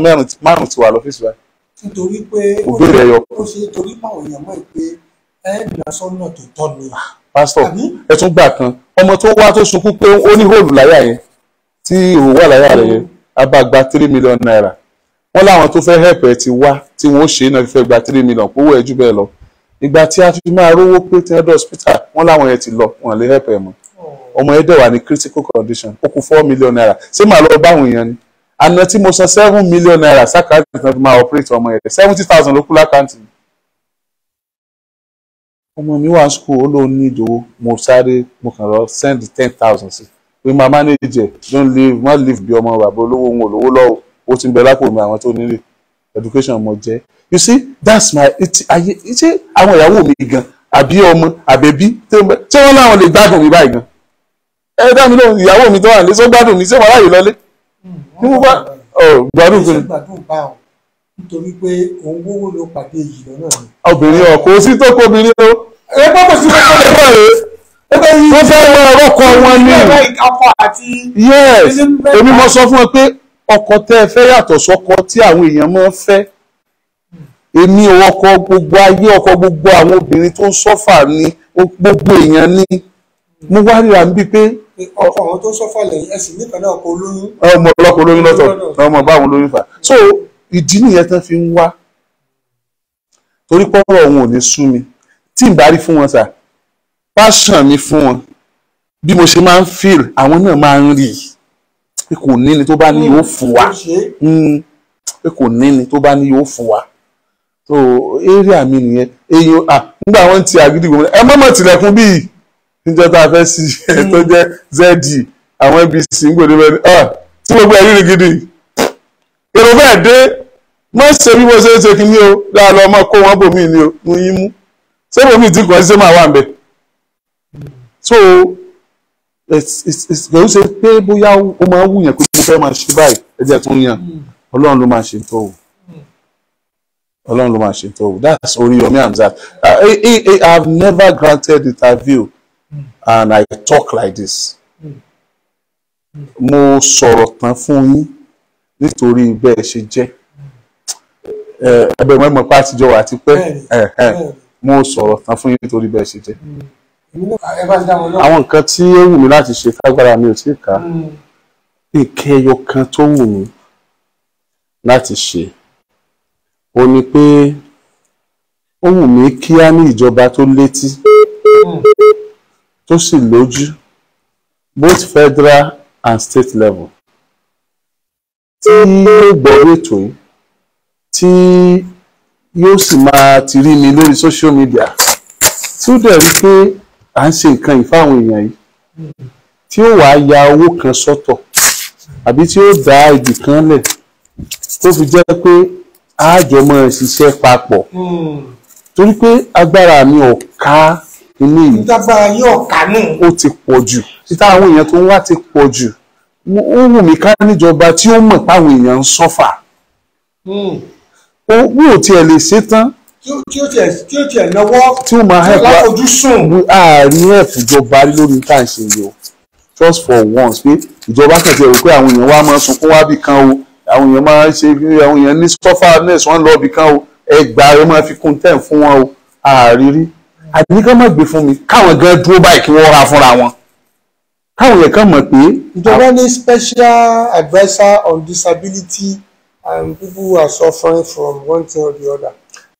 márùn-ún ti wà lọ́fíìsì wa. nítorí pé ó ṣe torí pé àwọn èèyàn mọ̀ pé ẹ̀ ń lọ tó tọ́ ni. Ah, pásítọ̀ ẹ tún gbà kan ọmọ tó wá tó sunkún pé ó ní hóòlù láyà yẹn tí òun wà láyà rẹ̀ yẹn a bá gba three million naira wọ́n láwọn tó fẹ́ help ẹ̀ ti wá tí wọ́n ṣe náà fífẹ́ gba three million kówó ẹ̀ jù bẹ́ẹ̀ lọ ìgbà tí a fi máa rówó pé ti head hospital wọ́n láwọn yẹn ti lọ wọ́n lè help ẹ̀ mọ́ ọmọ ẹ̀ dẹ̀ wà ní critical condition ó kù four million naira ṣé màá lọ báwọn èèyàn ni àná tí mo san seven million naira sákàtì kan fi máa operate ọmọ ẹ̀ seventy thousand ló kú lákàntì mi ọmọ mi wà ní school ó lóun ní ìdòwò mo sáré mo kàn lọ send ten thousand sí i pé máa manage ẹ̀ don't live má live bí ọmọ bàbá olówó òun olówó lọ́wọ́ ó ti ń bẹ lápò mi àwọn tó nílé education mo jẹ́ you see that's my ayé ṣé àwọn ìyàwó mi gan àbí ọmọ àbẹ̀bí ṣé wọ́n láwọn lè gbádùn mi báyìí gan ẹ dá mi lóhùn ìyàwó mi tó wà nílé ṣé gbádùn mi ṣé wọ́n láàyè lọ́lé ní mo bá gbádùn kí ni nítorí pé òun gbówó ló pàdé yìí lọ́nà ni. obìnrin ọkọ òsì tó kó obìnrin o. ẹ gbọ́dọ̀ sí ọkọ rẹ̀ wọ́n fẹ́ wọ ọkọ wọn ni yes èmi mo sọ fún ẹ pé ọkọ tẹ́ ẹ fẹ́ yàtọ̀ sọ́kọ tí àwọn èèyàn máa ń fẹ́ èmi ọkọ gbogbo ayé ọkọ gbogbo àwọn obìnrin tó ń sọ́fà ni gbogbo èèyàn ni mo wá ríra ń pé. ọkọ àwọn tó ń sọ́fà lẹ́yìn ẹ̀sìn nípa ọkọ olóyún. ọmọ ọlọ́kọ olóyún lọ́tọ̀ ọmọ ọba àwọn olóyún fà so ìdí nìyẹn tán fi ń wá torí pọ́nrọ̀ òun ò ní sú mi tí ì passion mi fún wọn bí mo ṣe máa ń feel àwọn náà máa ń rí i pé kò ní ni tó bá ní yóò fún wa hmm. pé kò ní ni tó bá ní yóò fún wa so area mi nìyẹn èyàn à nígbà wọn ti àgídìgbò ẹ mọ̀mọ̀ tilẹ̀kùn bíi níjọ́ tá a fẹ́ sí ẹ tó hmm. jẹ́ zd àwọn abc ń gbòde bẹ́ẹ̀ ni ọ tí gbogbo ẹ̀ rírì gidi èrò bẹ́ẹ̀ dé mọ̀ ṣe bí mo ṣe ń ṣe kí ni o dáa lọ ọmọ kó wọn bòmí ni o mo yín mú ṣé bòmí ti kàn ṣe máa wà ń bẹ́ẹ̀ so it's it's ṣe pé bóyá ó máa ń wùyàn pé mo fẹ́ máa ṣe báyìí ẹ jẹ́ tún yàn ọlọ́run ló máa ṣe tó o ọlọ́run ló máa ṣe tó o that's Oriyomi Hamzat I uh, have never granted interview and I talk like this mo sọ̀rọ̀ tán fún yín nítorí bẹ́ẹ̀ ṣe jẹ́ ẹgbẹ́ mẹ́mọ́ pàtijọ́ àti pé mo sọ̀rọ̀ tán fún yín nítorí bẹ́ẹ̀ ṣe jẹ́. Mm àwọn nǹkan tí ó wù mí láti ṣe kágbára mi ò tí ì ká nǹkan hmm. ẹyọ kan tó wù mí láti ṣe ó ní pé ó wù mí kí á ní ìjọba tó létí hmm. tó sì lójú both federal and state level tí yóò gbọ́rú ètò yìí tí yóò sì máa ti rí mi lórí social media tí ó dẹ̀ rí pé à ń ṣe nǹkan yìí fáwọn èèyàn yìí tí ó wàá ya owó kan sọ́tọ̀ àbí tí ó dá ibì kan lẹ̀ tó fi jẹ́ pé àjọ máa ṣiṣẹ́ papọ̀ torí pé agbára mi ò ká inú yìí ìdágbára yóò ká náà ó ti pọ̀ jù títa àwọn èèyàn tó ń wá ti pọ̀ jù ó wù mí ká níjọba tí ó mọ̀ páwọn èèyàn ń sọ́fà hmm. ó wù ó tiẹ̀ lè ṣe tán tí ó tiẹ̀ tí ó tiẹ̀ náwó tí ó máa help láfojúsùn. àárín help ìjọba lórí tá à ń ṣe yìí o just for once pé ìjọba kẹ̀kẹ́ rò pé àwọn èèyàn wa máa sunkún wá bì kan o àwọn èèyàn máa ṣe àwọn èèyàn ní stoffarness wọn lọ bì kan o ẹgbàá rẹ máa fi kún tẹ̀ fún wọn o àárírí àdínkàn má gbé fún mi káwọn gan dúró báyìí kí wọ́n ra fúnra wọn káwọn yẹn kàn mọ̀ pé. ìjọba ní special adviser on disability and people who are suffering from one thing or the other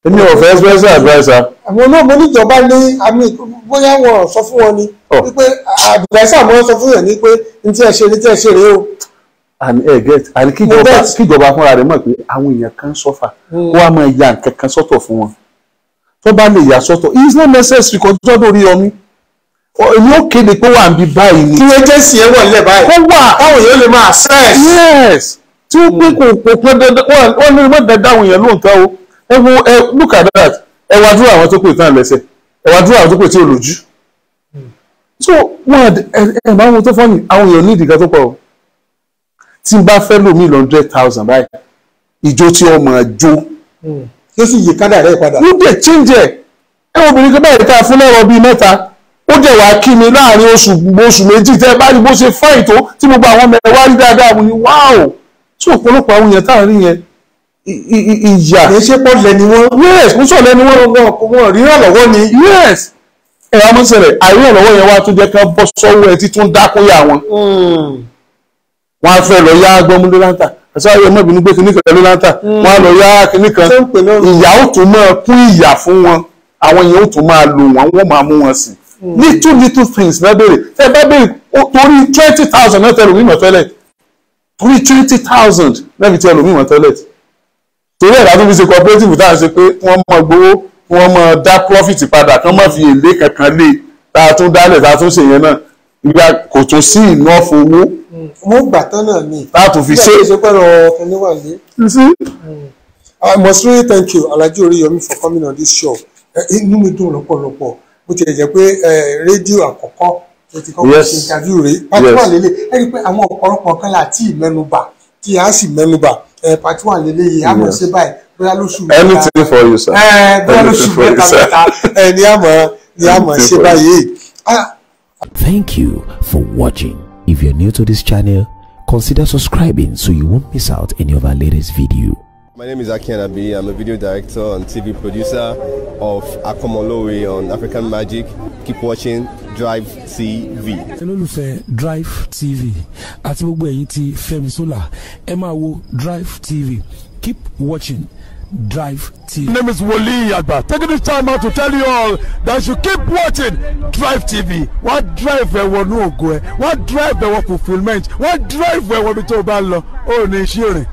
èmi ò fẹ́ special adviser. àwọn náà mo níjọba ní àmì bóyá wọn sọ fún wọn ni oh. wípé adviser mo sọ fún yẹn ni pé n tí ẹ ṣe ni tí ẹ ṣe rèé o. and ẹ eh, get and kíjọba kíjọba fúnra rẹ̀ mọ̀ pé àwọn èèyàn kan sọ́fà kó a máa ya nǹkan kan sọ́tọ̀ fún wọn tó bá lè yà sọ́tọ̀ it's not necessary kò tó lórí ọmí èmi ò kéde pé wà ń bi báyìí ni. kí agency yẹn wọ̀ nílẹ̀ báyìí. kó wà táwọn èèyàn lè máa stress. yes tí ó pé hmm. kò kò pé dandan wọn ní mọ̀ dandan àwọn èèyàn lóǹtọ́ o ẹ wo ẹ look at that ẹ wá dúró àwọn tó pè tán lẹ́sẹ̀ ẹ wá dúró àwọn tó pè tí ò lójú so wọn ẹ máa ń wo tó fọ́nì àwọn èèyàn ní ìdìgá tó pọ̀ tí n bá fẹ́ lómi lọ hundred thousand báyìí ìjó tí ọmọ jó tó hmm. sì yí kádà rẹ̀ padà. wọ́n dẹ̀ change ẹ̀ ẹ obìnrin kan báyìí tá a fún lẹ́wọ̀ bíi mẹ́ta ó dẹ̀ wá kí mi láàrin oṣù oṣù méjì tẹ́ báyìí bó ṣe fáìn tó tí gbogbo àwọn ọmọ ẹ̀ wá rí dáadáa mo ní wáò tí ọ̀pọ̀lọpọ̀ àwọn èèyàn táà rí yẹn ìyà. kì ṣe pọ̀ lẹ́ni wọn. yes ń sọ lẹ́ni wọn wọn rí ìrànlọ́wọ́ ni. yes ẹ̀rọ amúṣẹ̀lẹ̀ àìrí ìrànlọ́wọ́ yẹn wá tún jẹ́ ká bọ́ sọ́wọ́ ẹ títún dákúnyà wọn. Hmm. wọn á fẹ́ lọ yá gbọ́múlé láńtà àṣàyẹ mọ́bìnú gbé kinní kan ló láńtà hmm. wọn á lọ yá kinní kan ìyà ó tún máa kún ìyà fún wọn àwọn yẹn ó tún máa lò wọn wọn máa mú wọn sí. little hmm. little things náà béèrè tẹ bá béèrè torí twenty thousand náà tẹ lómi ìmọ̀ tẹ́lẹ̀ torí twenty thousand náà fi tẹ lómi ìmọ̀ tẹ́lẹ̀ tì torí ẹ̀ láti fi ṣe cooperative tá à ń ṣe pé wọ́n mọ̀ gbowó wọ́n mọ̀ dá profit padà kán mọ̀ fi èlé kankan lé e tá a tún dálẹ̀ tá a tún ṣe yẹn náà ìgbà kò tún sí iná fowó. mo gbà tán náà ni. tá a tún fi ṣe. bí a ṣe pẹ̀lú ọkàn ní wàlẹ́. I must really thank you Alhaji Oriyomi for coming on this show. inú mi dùn lọ́pọ̀lọpọ̀ bó tilẹ̀ jẹ́ pé rédíò àkọ́kọ́ ló ti kọ́kọ́ ṣe interview rẹ̀ pàtó wà lélẹ̀ ẹ̀rí pé àwọn ọ̀pọ̀lọpọ̀ kan láti mẹ́nubà tí a sì mẹ́nubà. Eh, lélẹ̀ àmọ̀ ṣe bóyá lóṣù mẹ́ta anything for you sir eh, bóyá lóṣù mẹ́ta mẹ́ta eh, ni àmọ̀ ni àmọ̀ ṣe ah. Thank you for watching. If you're new to this channel, consider subscribing so you won't miss out any of our latest videos. My name is Akian Abi. I'm a video director and TV producer of Akomolowe on African Magic. Keep watching Drive TV. Hello, Drive TV àti gbogbo ẹ̀yin tí Fẹ́mi Sola Emma, wo Drive TV keep watching. Drive TV. My name is Wole Agba. Taking this time out to tell you all that you keep watching Drive TV. What drive we want to go? What drive want fulfilment, What drive we want tó o bá lọ, ó